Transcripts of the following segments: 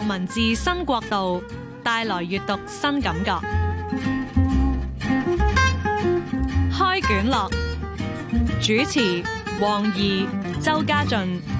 文字新國度，帶來閱讀新感覺。開卷樂，主持：黃怡、周家俊。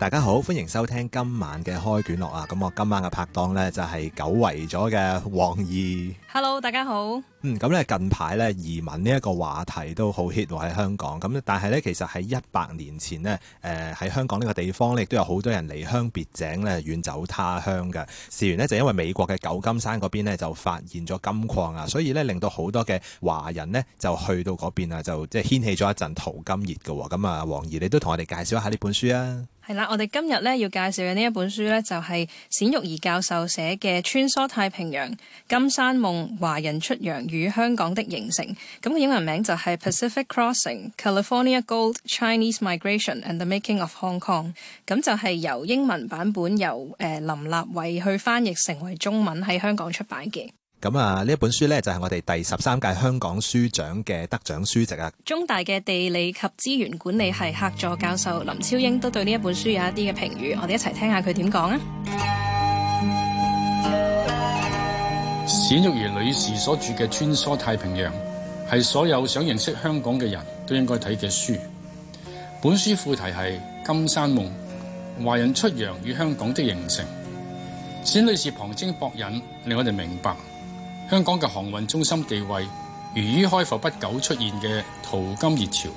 大家好，歡迎收聽今晚嘅開卷樂啊！咁我今晚嘅拍檔呢，就係、是、久違咗嘅黃儀。Hello，大家好。嗯，咁呢近排呢，移民呢一個話題都好 hit 喺、啊、香港。咁但係呢，其實喺一百年前呢，誒、呃、喺香港呢個地方呢，亦都有好多人離鄉別井呢遠走他鄉嘅。事緣呢，就因為美國嘅舊金山嗰邊呢，就發現咗金礦啊，所以呢，令到好多嘅華人呢，就去到嗰邊啊，就即係掀起咗一陣淘金熱嘅。咁啊，黃儀你都同我哋介紹一下呢本書啊！係啦，我哋今日咧要介紹嘅呢一本書咧，就係、是、冼玉儀教授寫嘅《穿梭太平洋：金山夢、華人出洋與香港的形成》。咁、那個英文名就係《Pacific Crossing: California Gold, Chinese Migration and the Making of Hong Kong》。咁就係由英文版本由誒、呃、林立偉去翻譯成為中文喺香港出版嘅。咁啊！呢一本書咧就係我哋第十三屆香港書獎嘅得獎書籍啊。中大嘅地理及資源管理系客座教授林超英都對呢一本書有一啲嘅評語，我哋一齊聽下佢點講啊。冼 玉儀女士所著嘅《穿梭太平洋》係所有想認識香港嘅人都應該睇嘅書。本書副題係《金山夢：華人出洋與香港的形成》。冼女士旁徵博引，令我哋明白。香港嘅航運中心地位，源於開埠不久出現嘅淘金熱潮。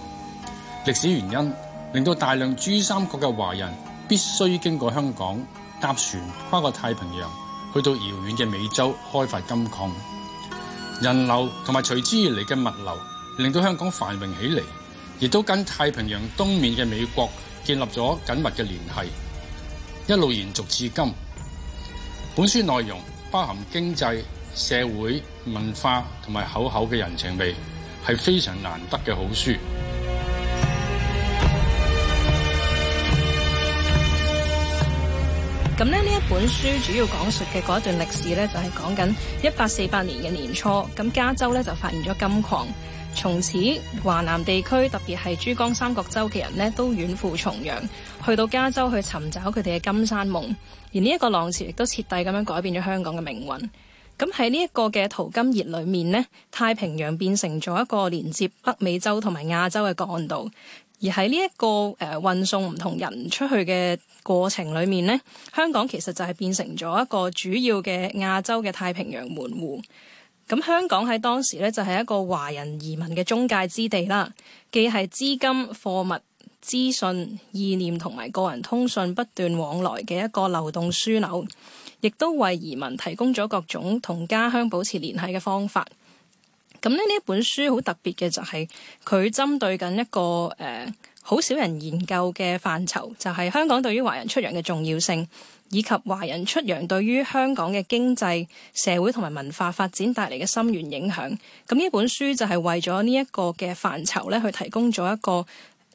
歷史原因令到大量珠三角嘅華人必須經過香港，搭船跨過太平洋去到遙遠嘅美洲開發金礦。人流同埋隨之而嚟嘅物流，令到香港繁榮起嚟，亦都跟太平洋東面嘅美國建立咗緊密嘅聯繫，一路延續至今。本書內容包含經濟。社會文化同埋厚厚嘅人情味係非常難得嘅好書。咁呢，呢一本書主要講述嘅嗰段歷史呢，就係講緊一八四八年嘅年初，咁加州呢就發現咗金礦，從此華南地區特別係珠江三角洲嘅人呢，都遠赴重洋，去到加州去尋找佢哋嘅金山夢。而呢一個浪潮亦都徹底咁樣改變咗香港嘅命運。咁喺呢一個嘅淘金熱裏面呢，太平洋變成咗一個連接北美洲同埋亞洲嘅幹道，而喺呢一個誒、呃、運送唔同人出去嘅過程裏面呢，香港其實就係變成咗一個主要嘅亞洲嘅太平洋門戶。咁香港喺當時呢，就係一個華人移民嘅中介之地啦，既係資金、貨物、資訊、意念同埋個人通訊不斷往來嘅一個流動樞紐。亦都為移民提供咗各種同家鄉保持聯繫嘅方法。咁咧，呢一本書好特別嘅就係佢針對緊一個誒好、呃、少人研究嘅範疇，就係、係、香港對於華人出洋嘅重要性，以及華人出洋對於香港嘅經濟、社會同埋文化發展帶嚟嘅深遠影響。咁呢本書就係為咗呢一個嘅範疇咧，去提供咗一個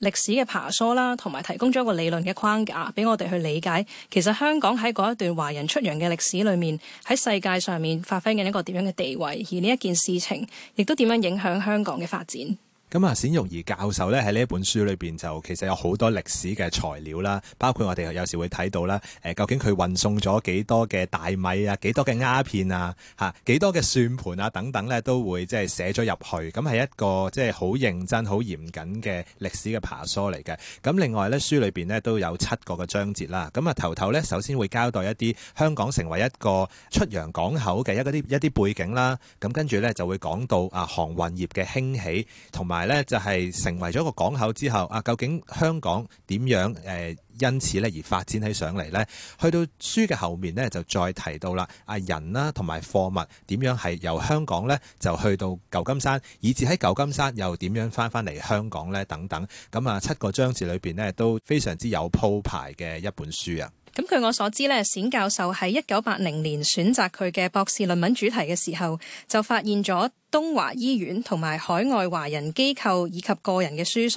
歷史嘅爬梳啦，同埋提供咗一個理論嘅框架俾我哋去理解，其實香港喺嗰一段華人出洋嘅歷史裏面，喺世界上面發揮緊一個點樣嘅地位，而呢一件事情亦都點樣影響香港嘅發展。咁啊冼玉儀教授咧喺呢一本書裏邊就其實有好多歷史嘅材料啦，包括我哋有時會睇到啦，誒、呃、究竟佢運送咗幾多嘅大米啊、幾多嘅鴉片啊、吓、啊、幾多嘅算盤啊等等咧，都會即係寫咗入去。咁、嗯、係一個即係好認真、好嚴謹嘅歷史嘅爬梳嚟嘅。咁、嗯、另外咧書裏邊咧都有七個嘅章節啦。咁、嗯、啊頭頭咧首先會交代一啲香港成為一個出洋港口嘅一啲一啲背景啦。咁跟住咧就會講到啊航運業嘅興起同埋。埋咧就係成為咗個港口之後啊，究竟香港點樣誒因此咧而發展起上嚟呢？去到書嘅後面呢，就再提到啦，啊人啦同埋貨物點樣係由香港呢，就去到舊金山，以至喺舊金山又點樣返返嚟香港呢？等等。咁啊，七個章節裏邊呢，都非常之有鋪排嘅一本書啊。咁據我所知呢，冼教授喺一九八零年選擇佢嘅博士論文主題嘅時候，就發現咗東華醫院同埋海外華人機構以及個人嘅書信，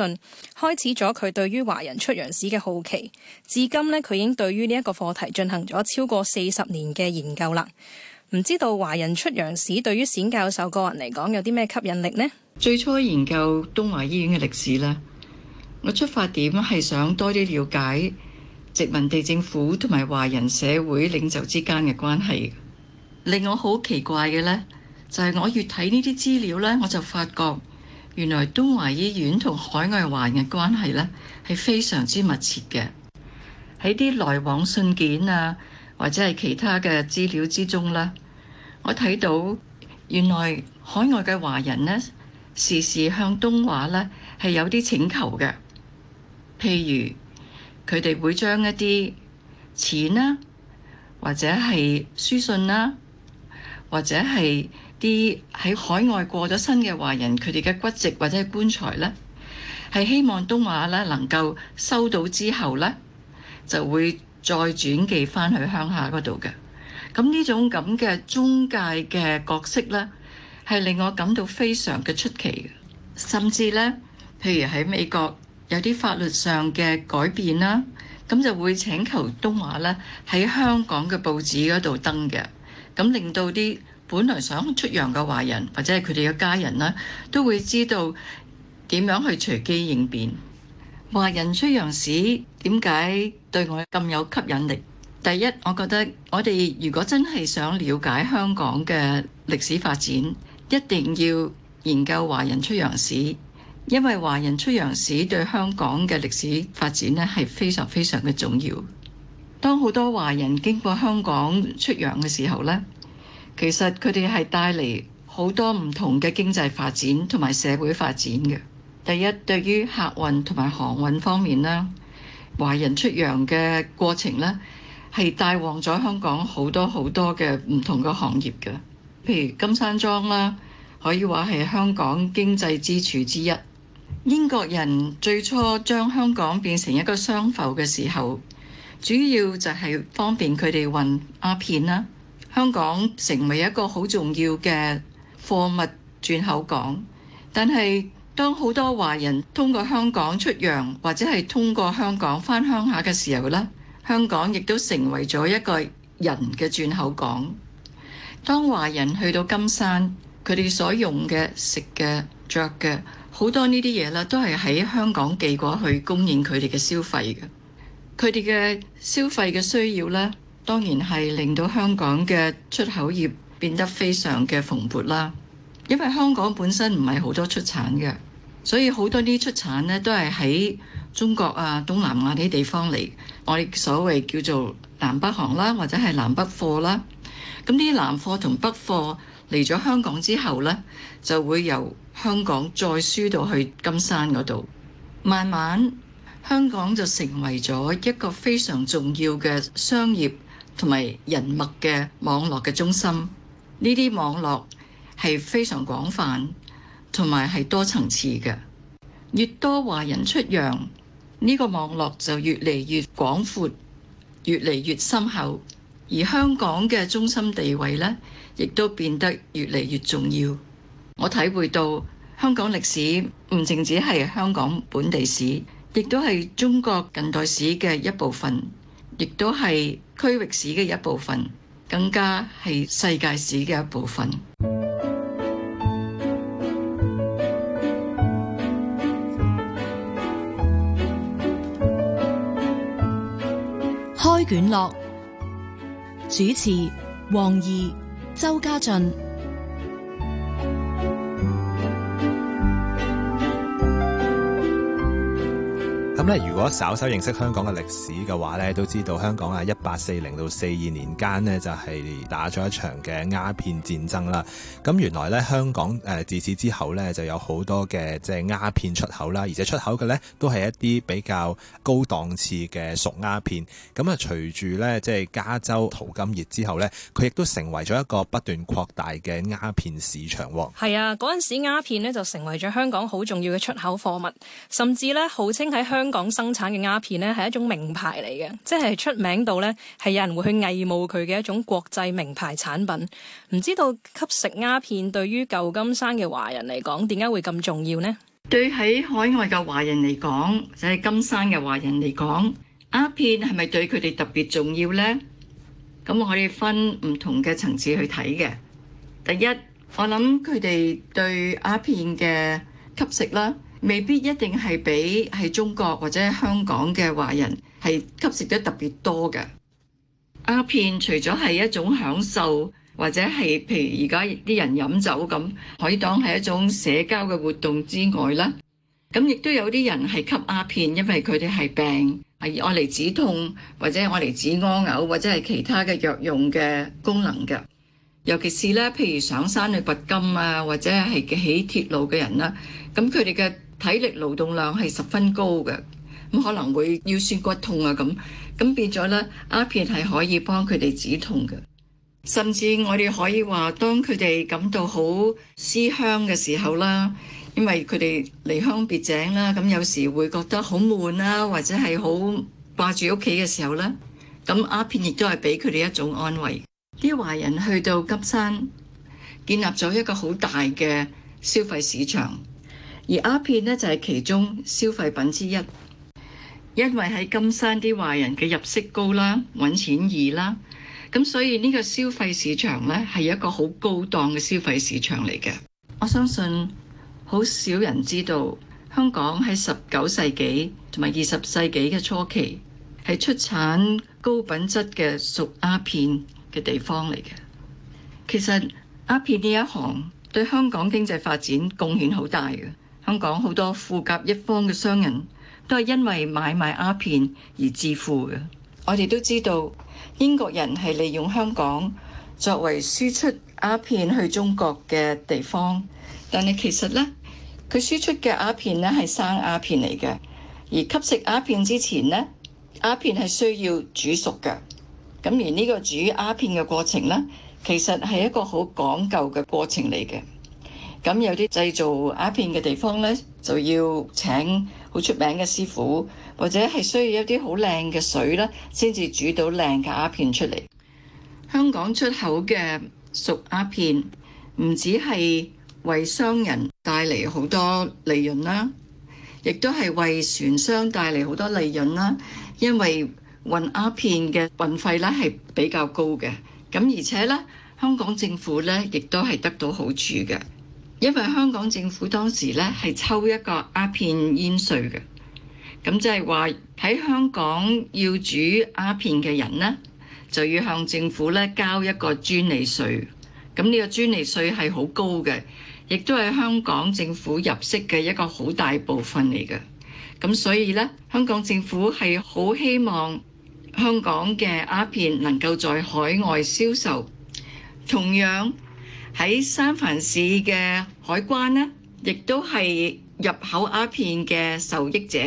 開始咗佢對於華人出洋史嘅好奇。至今呢，佢已經對於呢一個課題進行咗超過四十年嘅研究啦。唔知道華人出洋史對於冼教授個人嚟講有啲咩吸引力呢？最初研究東華醫院嘅歷史呢，我出發點係想多啲了解，殖民地政府同埋華人社會領袖之間嘅關係，令我好奇怪嘅呢，就係我越睇呢啲資料呢，我就發覺原來東華醫院同海外華人嘅關係呢，係非常之密切嘅。喺啲來往信件啊，或者係其他嘅資料之中呢，我睇到原來海外嘅華人呢，時時向東華呢，係有啲請求嘅，譬如。佢哋會將一啲錢啦，或者係書信啦，或者係啲喺海外過咗身嘅華人，佢哋嘅骨殖或者棺材咧，係希望東華咧能夠收到之後咧，就會再轉寄翻去鄉下嗰度嘅。咁呢種咁嘅中介嘅角色咧，係令我感到非常嘅出奇，甚至咧，譬如喺美國。有啲法律上嘅改變啦，咁就會請求東華咧喺香港嘅報紙嗰度登嘅，咁令到啲本來想出洋嘅華人或者係佢哋嘅家人啦，都會知道點樣去隨機應變。華人出洋史點解對我咁有吸引力？第一，我覺得我哋如果真係想了解香港嘅歷史發展，一定要研究華人出洋史。因為華人出洋史對香港嘅歷史發展呢係非常非常嘅重要。當好多華人經過香港出洋嘅時候呢，其實佢哋係帶嚟好多唔同嘅經濟發展同埋社會發展嘅。第一，對於客運同埋航運方面啦，華人出洋嘅過程呢係帶旺咗香港好多好多嘅唔同嘅行業嘅。譬如金山莊啦，可以話係香港經濟支柱之一。英國人最初將香港變成一個商埠嘅時候，主要就係方便佢哋運鴉片啦。香港成為一個好重要嘅貨物轉口港。但係當好多華人通過香港出洋，或者係通過香港返鄉下嘅時候呢，香港亦都成為咗一個人嘅轉口港。當華人去到金山，佢哋所用嘅、食嘅、着嘅。好多呢啲嘢啦，都係喺香港寄過去供應佢哋嘅消費嘅。佢哋嘅消費嘅需要咧，當然係令到香港嘅出口業變得非常嘅蓬勃啦。因為香港本身唔係好多出產嘅，所以好多啲出產咧都係喺中國啊、東南亞啲地方嚟。我哋所謂叫做南北行啦，或者係南北貨啦。咁啲南貨同北貨嚟咗香港之後咧，就會由香港再輸到去金山嗰度，慢慢香港就成為咗一個非常重要嘅商業同埋人脈嘅網絡嘅中心。呢啲網絡係非常廣泛同埋係多層次嘅。越多華人出洋，呢個網絡就越嚟越廣闊、越嚟越深厚，而香港嘅中心地位呢，亦都變得越嚟越重要。我體會到香港歷史唔淨止係香港本地史，亦都係中國近代史嘅一部分，亦都係區域史嘅一部分，更加係世界史嘅一部分。開卷樂，主持黃怡、周家俊。咁咧，如果稍稍認識香港嘅歷史嘅話咧，都知道香港啊，一八四零到四二年間咧，就係打咗一場嘅鴉片戰爭啦。咁原來咧，香港誒自此之後咧，就有好多嘅即係鴉片出口啦，而且出口嘅咧都係一啲比較高檔次嘅熟鴉片。咁啊，隨住咧即係加州淘金熱之後咧，佢亦都成為咗一個不斷擴大嘅鴉片市場，係啊，嗰陣時鴉片咧就成為咗香港好重要嘅出口貨物，甚至咧號稱喺香港生產嘅鴉片咧，係一種名牌嚟嘅，即係出名到咧，係有人會去偽冒佢嘅一種國際名牌產品。唔知道吸食鴉片對於舊金山嘅華人嚟講，點解會咁重要呢？對喺海外嘅華人嚟講，或者係金山嘅華人嚟講，鴉片係咪對佢哋特別重要呢？咁我哋分唔同嘅層次去睇嘅。第一，我諗佢哋對鴉片嘅吸食啦。未必一定係比喺中國或者香港嘅華人係吸食得特別多嘅阿片，除咗係一種享受或者係譬如而家啲人飲酒咁，可以當係一種社交嘅活動之外啦，咁亦都有啲人係吸阿片，因為佢哋係病，係愛嚟止痛或者愛嚟止屙、呃、嘔、呃、或者係其他嘅藥用嘅功能嘅。尤其是咧，譬如上山去掘金啊，或者係起鐵路嘅人啦、啊，咁佢哋嘅。體力勞動量係十分高嘅，咁可能會腰酸骨痛啊咁，咁變咗咧，鴉片係可以幫佢哋止痛嘅。甚至我哋可以話，當佢哋感到好思鄉嘅時候啦，因為佢哋離鄉別井啦，咁有時會覺得好悶啦，或者係好掛住屋企嘅時候咧，咁鴉片亦都係俾佢哋一種安慰。啲華人去到金山，建立咗一個好大嘅消費市場。而鴉片呢，就係、是、其中消費品之一，因為喺金山啲華人嘅入息高啦，揾錢易啦，咁所以呢個消費市場呢，係一個好高檔嘅消費市場嚟嘅。我相信好少人知道，香港喺十九世紀同埋二十世紀嘅初期係出產高品質嘅熟鴉片嘅地方嚟嘅。其實鴉片呢一行對香港經濟發展貢獻好大嘅。香港好多富甲一方嘅商人，都係因為買賣鴉片而致富嘅。我哋都知道，英國人係利用香港作為輸出鴉片去中國嘅地方。但係其實咧，佢輸出嘅鴉片咧，係生鴉片嚟嘅，而吸食鴉片之前咧，鴉片係需要煮熟嘅。咁而呢個煮鴉片嘅過程咧，其實係一個好講究嘅過程嚟嘅。咁有啲製造鴉片嘅地方咧，就要請好出名嘅師傅，或者係需要一啲好靚嘅水啦，先至煮到靚嘅鴉片出嚟。香港出口嘅熟鴉片唔止係為商人帶嚟好多利潤啦，亦都係為船商帶嚟好多利潤啦，因為運鴉片嘅運費咧係比較高嘅。咁而且咧，香港政府咧亦都係得到好處嘅。因為香港政府當時咧係抽一個鴉片煙稅嘅，咁即係話喺香港要煮鴉片嘅人咧，就要向政府咧交一個專利稅。咁呢個專利稅係好高嘅，亦都係香港政府入息嘅一個好大部分嚟嘅。咁所以咧，香港政府係好希望香港嘅鴉片能夠在海外銷售。同樣，喺三藩市嘅海關呢，亦都係入口鴉片嘅受益者，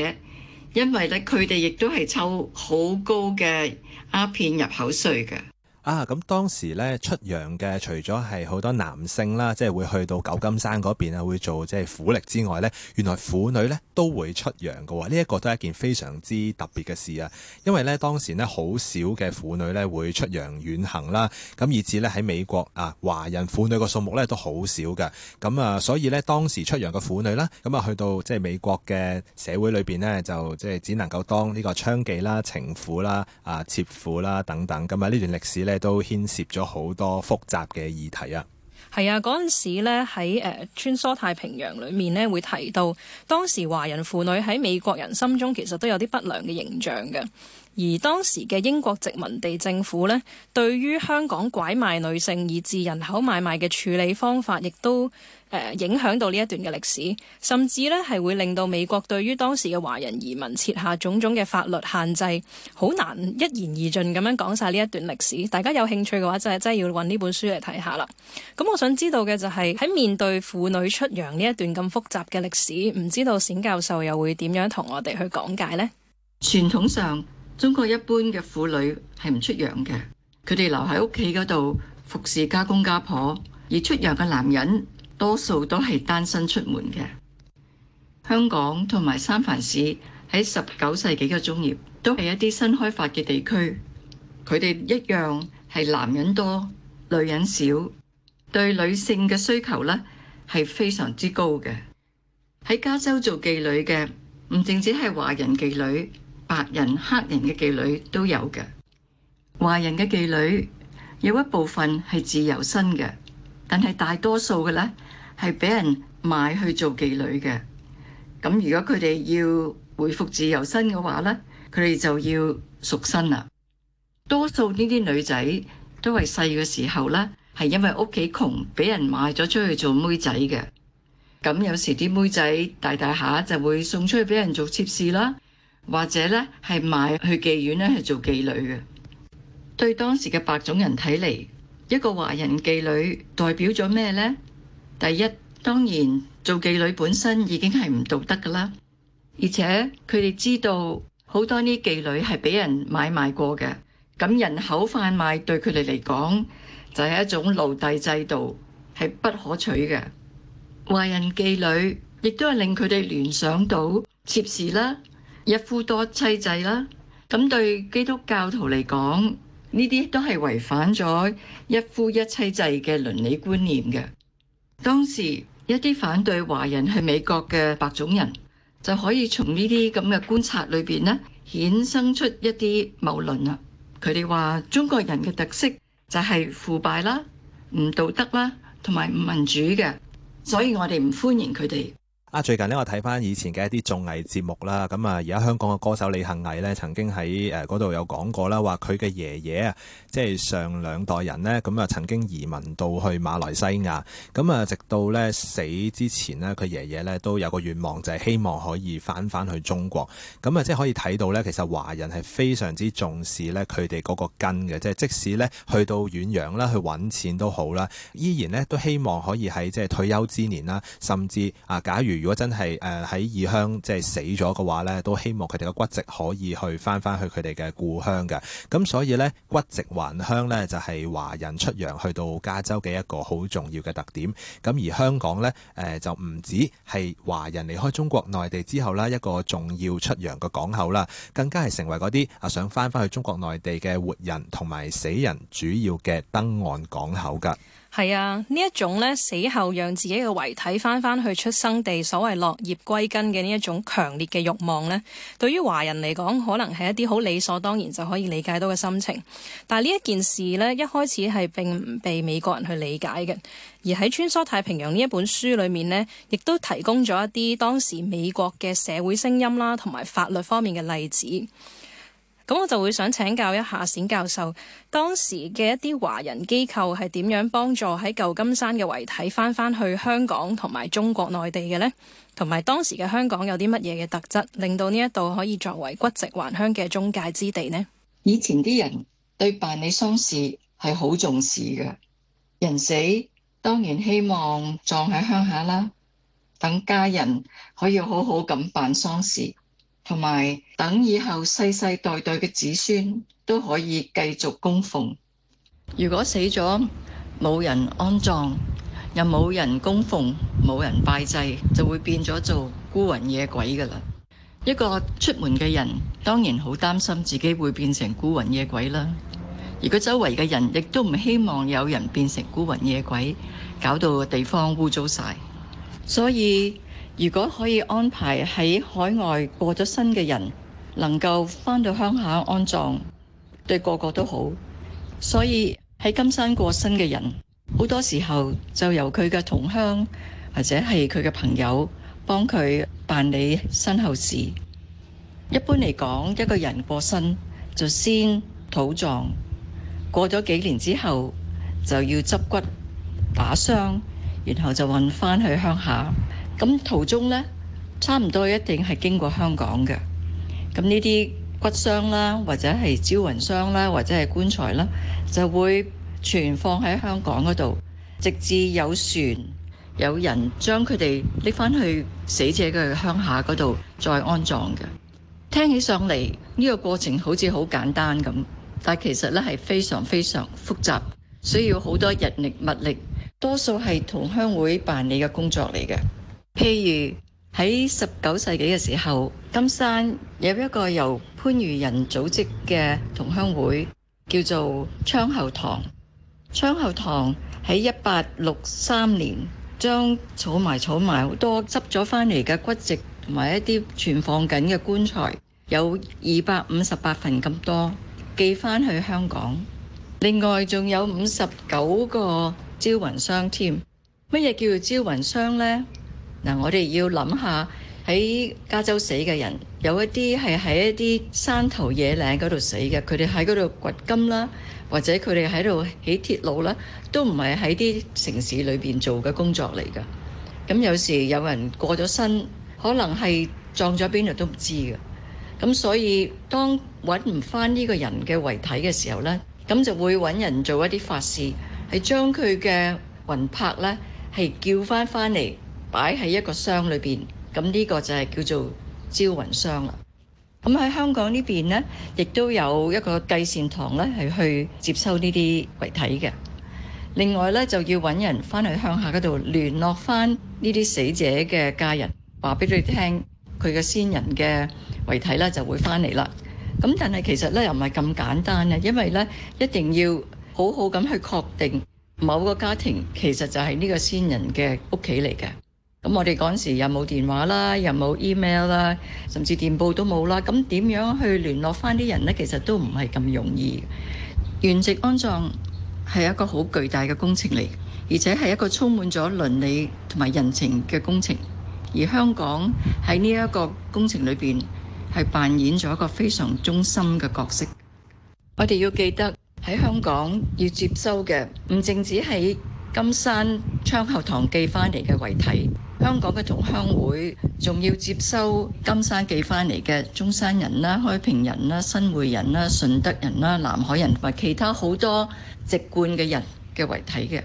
因為咧佢哋亦都係抽好高嘅鴉片入口稅嘅。啊，咁當時咧出洋嘅，除咗係好多男性啦，即係會去到舊金山嗰邊啊，會做即係苦力之外咧，原來婦女咧都會出洋嘅。呢一個都係一件非常之特別嘅事啊。因為咧當時咧好少嘅婦女咧會出洋遠行啦。咁以至咧喺美國啊，華人婦女個數目咧都好少嘅。咁啊，所以咧當時出洋嘅婦女啦，咁啊去到即係美國嘅社會裏邊咧，就即係只能夠當呢個娼妓啦、情婦啦、啊妾婦啦等等。咁啊呢段歷史咧。都牽涉咗好多複雜嘅議題啊！係啊，嗰陣時呢喺誒穿梭太平洋裏面呢，會提到當時華人婦女喺美國人心中其實都有啲不良嘅形象嘅。而當時嘅英國殖民地政府咧，對於香港拐賣女性以至人口買賣嘅處理方法，亦都誒、呃、影響到呢一段嘅歷史，甚至咧係會令到美國對於當時嘅華人移民設下種種嘅法律限制。好難一言而盡咁樣講晒呢一段歷史。大家有興趣嘅話，就係真係要揾呢本書嚟睇下啦。咁我想知道嘅就係、是、喺面對婦女出洋呢一段咁複雜嘅歷史，唔知道冼教授又會點樣同我哋去講解呢？傳統上，中國一般嘅婦女係唔出洋嘅，佢哋留喺屋企嗰度服侍家公家婆。而出洋嘅男人多數都係單身出門嘅。香港同埋三藩市喺十九世紀嘅中葉都係一啲新開發嘅地區，佢哋一樣係男人多、女人少，對女性嘅需求呢係非常之高嘅。喺加州做妓女嘅唔淨止係華人妓女。白人、黑人嘅妓女都有嘅，華人嘅妓女有一部分係自由身嘅，但係大多數嘅咧係俾人賣去做妓女嘅。咁如果佢哋要回復自由身嘅話咧，佢哋就要贖身啦。多數呢啲女仔都係細嘅時候咧，係因為屋企窮，俾人賣咗出去做妹仔嘅。咁有時啲妹仔大大下就會送出去俾人做妾侍啦。或者咧係賣去妓院咧，係做妓女嘅。對當時嘅白種人睇嚟，一個華人妓女代表咗咩呢？第一，當然做妓女本身已經係唔道德噶啦。而且佢哋知道好多啲妓女係俾人買賣過嘅，咁人口販賣對佢哋嚟講就係一種奴隸制度，係不可取嘅。華人妓女亦都係令佢哋聯想到妾侍啦。一夫多妻制啦，咁對基督教徒嚟講，呢啲都係違反咗一夫一妻制嘅倫理觀念嘅。當時一啲反對華人去美國嘅白種人，就可以從呢啲咁嘅觀察裏面呢，衍生出一啲謬論啦。佢哋話中國人嘅特色就係腐敗啦、唔道德啦，同埋唔民主嘅，所以我哋唔歡迎佢哋。啊，最近咧我睇翻以前嘅一啲綜藝節目啦，咁啊而家香港嘅歌手李幸倪呢，曾經喺誒嗰度有講過啦，話佢嘅爺爺啊，即係上兩代人呢，咁啊曾經移民到去馬來西亞，咁啊直到呢死之前呢，佢爺爺呢都有個願望，就係希望可以返翻去中國，咁啊即係可以睇到呢，其實華人係非常之重視呢佢哋嗰個根嘅，即係即使呢去到遠洋啦，去揾錢都好啦，依然呢都希望可以喺即係退休之年啦，甚至啊假如如果真係誒喺異鄉即係死咗嘅話呢，都希望佢哋嘅骨殖可以去翻翻去佢哋嘅故鄉嘅。咁所以呢，骨殖還鄉呢，就係華人出洋去到加州嘅一個好重要嘅特點。咁而香港呢，誒、呃、就唔止係華人離開中國內地之後啦，一個重要出洋嘅港口啦，更加係成為嗰啲啊想翻翻去中國內地嘅活人同埋死人主要嘅登岸港口㗎。係啊，呢一種呢，死後讓自己嘅遺體返返去出生地，所謂落葉歸根嘅呢一種強烈嘅慾望呢，對於華人嚟講，可能係一啲好理所當然就可以理解到嘅心情。但係呢一件事呢，一開始係並唔被美國人去理解嘅。而喺《穿梭太平洋》呢一本書裏面呢，亦都提供咗一啲當時美國嘅社會聲音啦，同埋法律方面嘅例子。咁我就會想請教一下冼教授，當時嘅一啲華人機構係點樣幫助喺舊金山嘅遺體翻翻去香港同埋中國內地嘅呢？同埋當時嘅香港有啲乜嘢嘅特質，令到呢一度可以作為骨殖還鄉嘅中介之地呢？以前啲人對辦理喪事係好重視嘅，人死當然希望葬喺鄉下啦，等家人可以好好咁辦喪事。同埋等以後世世代代嘅子孫都可以繼續供奉。如果死咗冇人安葬，又冇人供奉，冇人拜祭，就會變咗做孤魂野鬼噶啦。一個出門嘅人，當然好擔心自己會變成孤魂野鬼啦。而佢周圍嘅人亦都唔希望有人變成孤魂野鬼，搞到個地方污糟晒。所以。如果可以安排喺海外過咗身嘅人能夠返到鄉下安葬，對個個都好。所以喺金山過身嘅人，好多時候就由佢嘅同鄉或者係佢嘅朋友幫佢辦理身後事。一般嚟講，一個人過身就先土葬，過咗幾年之後就要執骨打箱，然後就運返去鄉下。咁途中咧，差唔多一定係經過香港嘅。咁呢啲骨箱啦，或者係招魂箱啦，或者係棺材啦，就會存放喺香港嗰度，直至有船有人將佢哋拎返去死者嘅鄉下嗰度再安葬嘅。聽起上嚟呢個過程好似好簡單咁，但其實咧係非常非常複雜，需要好多人力物力，多數係同鄉會辦理嘅工作嚟嘅。譬如喺十九世紀嘅時候，金山有一個由番禺人組織嘅同鄉會，叫做昌後堂。昌後堂喺一八六三年將儲埋儲埋好多執咗翻嚟嘅骨殖同埋一啲存放緊嘅棺材，有二百五十八份咁多寄翻去香港。另外仲有五十九個招魂箱添。乜嘢叫做招魂箱呢？嗱，我哋要諗下喺加州死嘅人，有一啲係喺一啲山頭野嶺嗰度死嘅。佢哋喺嗰度掘金啦，或者佢哋喺度起鐵路啦，都唔係喺啲城市裏邊做嘅工作嚟㗎。咁有時有人過咗身，可能係撞咗邊度都唔知嘅。咁所以當揾唔翻呢個人嘅遺體嘅時候呢，咁就會揾人做一啲法事，係將佢嘅魂魄咧係叫翻翻嚟。擺喺一個箱裏邊，咁呢個就係叫做招魂箱啦。咁喺香港呢邊呢，亦都有一個計善堂呢，係去接收呢啲遺體嘅。另外呢，就要揾人翻去鄉下嗰度聯絡翻呢啲死者嘅家人，話俾佢哋聽，佢嘅先人嘅遺體呢就會翻嚟啦。咁但係其實呢又唔係咁簡單嘅，因為呢一定要好好咁去確定某個家庭其實就係呢個先人嘅屋企嚟嘅。咁我哋嗰陣時又冇電話啦，又冇 email 啦，甚至電報都冇啦。咁點樣去聯絡翻啲人呢？其實都唔係咁容易。原籍安葬係一個好巨大嘅工程嚟，而且係一個充滿咗倫理同埋人情嘅工程。而香港喺呢一個工程裏邊係扮演咗一個非常中心嘅角色。我哋要記得喺香港要接收嘅唔淨止係金山昌後堂寄翻嚟嘅遺體，香港嘅同鄉會仲要接收金山寄翻嚟嘅中山人啦、開平人啦、新會人啦、順德人啦、南海人或者其他好多籍貫嘅人嘅遺體嘅。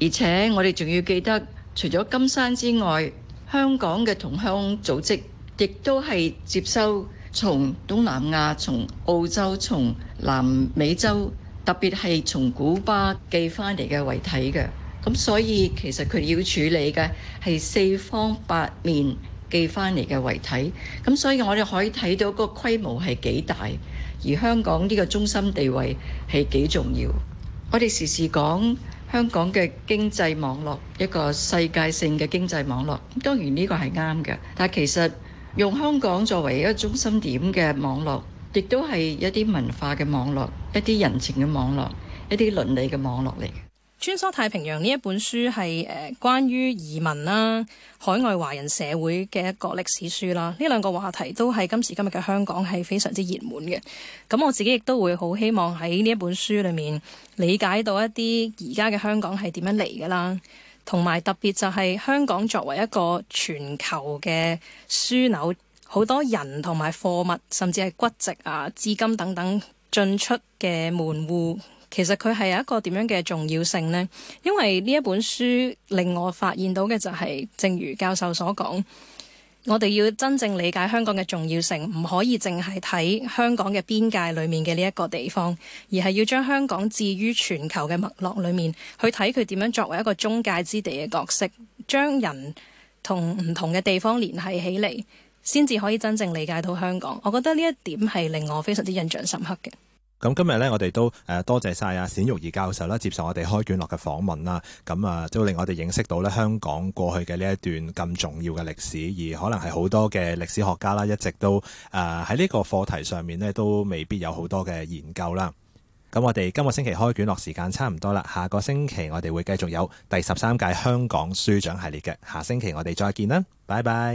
而且我哋仲要記得，除咗金山之外，香港嘅同鄉組織亦都係接收從東南亞、從澳洲、從南美洲，特別係從古巴寄翻嚟嘅遺體嘅。咁所以其實佢要處理嘅係四方八面寄翻嚟嘅遺體。咁所以我哋可以睇到個規模係幾大，而香港呢個中心地位係幾重要。我哋時時講香港嘅經濟網絡，一個世界性嘅經濟網絡，當然呢個係啱嘅。但其實，用香港作為一個中心點嘅網絡，亦都係一啲文化嘅網絡，一啲人情嘅網絡，一啲倫理嘅網絡嚟。穿梭太平洋呢一本書係誒、呃、關於移民啦、啊、海外華人社會嘅一個歷史書啦。呢、啊、兩個話題都係今時今日嘅香港係非常之熱門嘅。咁、啊、我自己亦都會好希望喺呢一本書裏面理解到一啲而家嘅香港係點樣嚟嘅啦，同、啊、埋特別就係香港作為一個全球嘅樞紐，好多人同埋貨物，甚至係骨殖啊、資金等等進出嘅門戶。其實佢係有一個點樣嘅重要性呢？因為呢一本書令我發現到嘅就係，正如教授所講，我哋要真正理解香港嘅重要性，唔可以淨係睇香港嘅邊界裏面嘅呢一個地方，而係要將香港置於全球嘅脈絡裏面，去睇佢點樣作為一個中介之地嘅角色，將人同唔同嘅地方聯繫起嚟，先至可以真正理解到香港。我覺得呢一點係令我非常之印象深刻嘅。咁今日咧，我哋都誒、呃、多謝晒阿冼玉兒教授咧，接受我哋開卷樂嘅訪問啦。咁啊，都、啊、令我哋認識到咧香港過去嘅呢一段咁重要嘅歷史，而可能係好多嘅歷史學家啦，一直都誒喺呢個課題上面咧，都未必有好多嘅研究啦。咁我哋今個星期開卷樂時間差唔多啦，下個星期我哋會繼續有第十三屆香港書獎系列嘅，下星期我哋再見啦，拜拜。